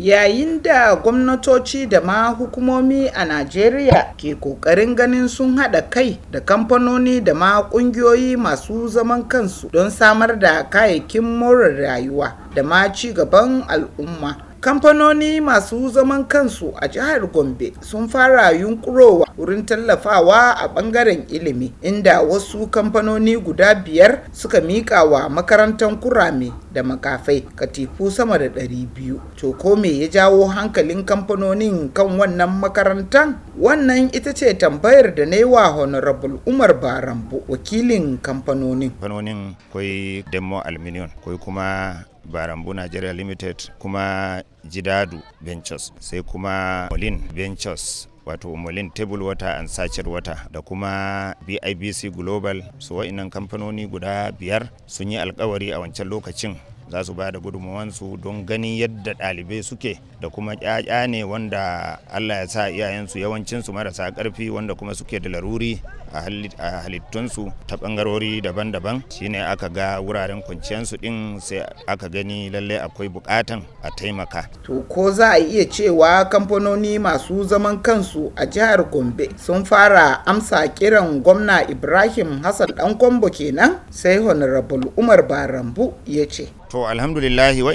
Yayin da gwamnatoci da ma hukumomi a Najeriya ke ƙoƙarin ganin sun haɗa kai da kamfanoni da ma ƙungiyoyi masu zaman kansu don samar da kayayyakin more rayuwa da ma ci gaban al'umma. kamfanoni masu zaman kansu a jihar gombe sun fara yunkurowa wurin tallafawa a bangaren ilimi inda wasu kamfanoni guda biyar suka mika wa makarantar kurame da makafai katifu sama da ɗari biyu coko me ya jawo hankalin kamfanonin kan wannan makarantar wannan ita ce tambayar da na yi wa honorable umar barambo wakilin kamfanonin kamfanonin demo alminiyon kuma barambu nigeria limited kuma jidadu ventures sai kuma molin ventures wato molin table water and sachet water da kuma bibc global su wa'innan kamfanoni guda biyar sun yi alkawari a wancan lokacin za su ba da gudunmawansu don ganin yadda ɗalibai suke da kuma ƙyaƙya ne wanda allah ya sa iyayensu yawancinsu marasa karfi wanda kuma suke da laruri a halittunsu ta bangarori daban-daban shine aka ga wuraren kwanciyarsu ɗin sai aka gani lallai akwai buƙatan a taimaka to ko za a iya cewa kamfanoni masu zaman kansu a jihar gombe sun fara amsa kiran gwamna ibrahim hassan dan kwambo kenan sai honorable umar barambu ya ce to To wa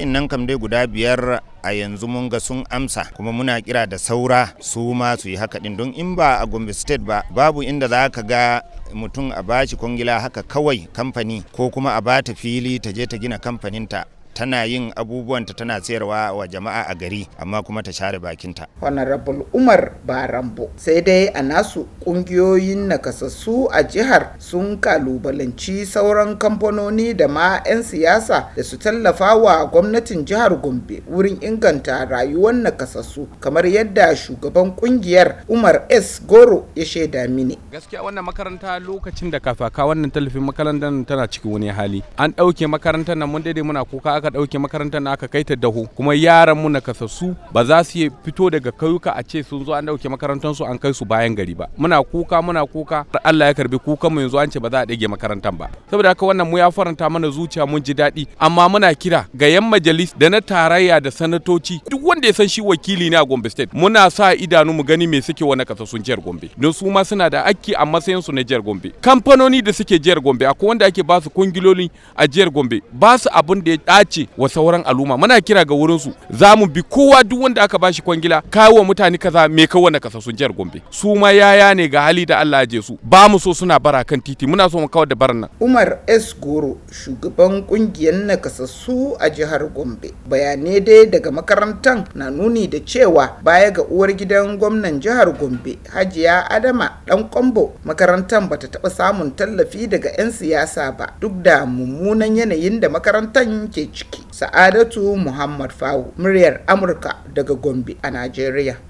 innan kam dai guda biyar a yanzu mun ga sun amsa kuma muna kira da saura su ma su yi haka din don in ba a Gombe State ba babu inda za ka ga mutum a bashi kwangila haka kawai kamfani ko kuma a bata fili ta je ta gina kamfaninta tana yin abubuwanta tana sayarwa wa jama'a a gari amma kuma ta share bakinta. honorable umar barambo sai dai a nasu kungiyoyin nakasassu a jihar sun kalubalanci sauran kamfanoni da ma 'yan siyasa da su tallafa wa gwamnatin jihar gombe wurin inganta rayuwar nakasassu kamar yadda shugaban kungiyar umar s goro ya shaida mini gaskiya wannan makaranta lokacin da ka wannan tallafin makarantar tana cikin wani hali an ɗauke makarantar nan mun daidai muna kuka aka ɗauke makarantar na aka kai ta daho kuma yaran mu nakasassu ba za su fito daga kayuka a ce sun zo an dauke makarantar su an kai su bayan gari ba muna kuka muna kuka Allah ya karbi kukan mu yanzu an ce ba za a ɗage makarantar ba saboda haka wannan mu ya faranta mana zuciya mun ji daɗi amma muna kira ga yan majalis da na tarayya da sanatoci duk wanda ya san shi wakili ne a Gombe State muna sa idanu mu gani me suke wani kasassun jihar Gombe don su ma suna da aiki a matsayin su na jihar Gombe kamfanoni da suke jihar Gombe akwai wanda ake ba su kungiloli a jihar Gombe ba su abin da ya dace ce wa sauran al'umma muna kira ga wurin su za mu bi kowa duk wanda aka bashi kwangila wa mutane kaza me kawo wanda kasa sun jihar Gombe su ma yaya ne ga hali da Allah ya je su ba mu so suna bara kan titi muna so mu kawar da baran nan Umar S Goro shugaban kungiyar nakasassu a jihar Gombe bayanai dai daga makarantan na nuni da cewa baya ga uwar gidan gwamnan jihar Gombe Hajiya Adama dan Kombo makarantar bata taba samun tallafi daga 'yan siyasa ba duk da mummunan yanayin da makarantan ke ciki ciki. Sa'adatu Muhammad Fawo, muryar Amurka daga Gombe a Najeriya.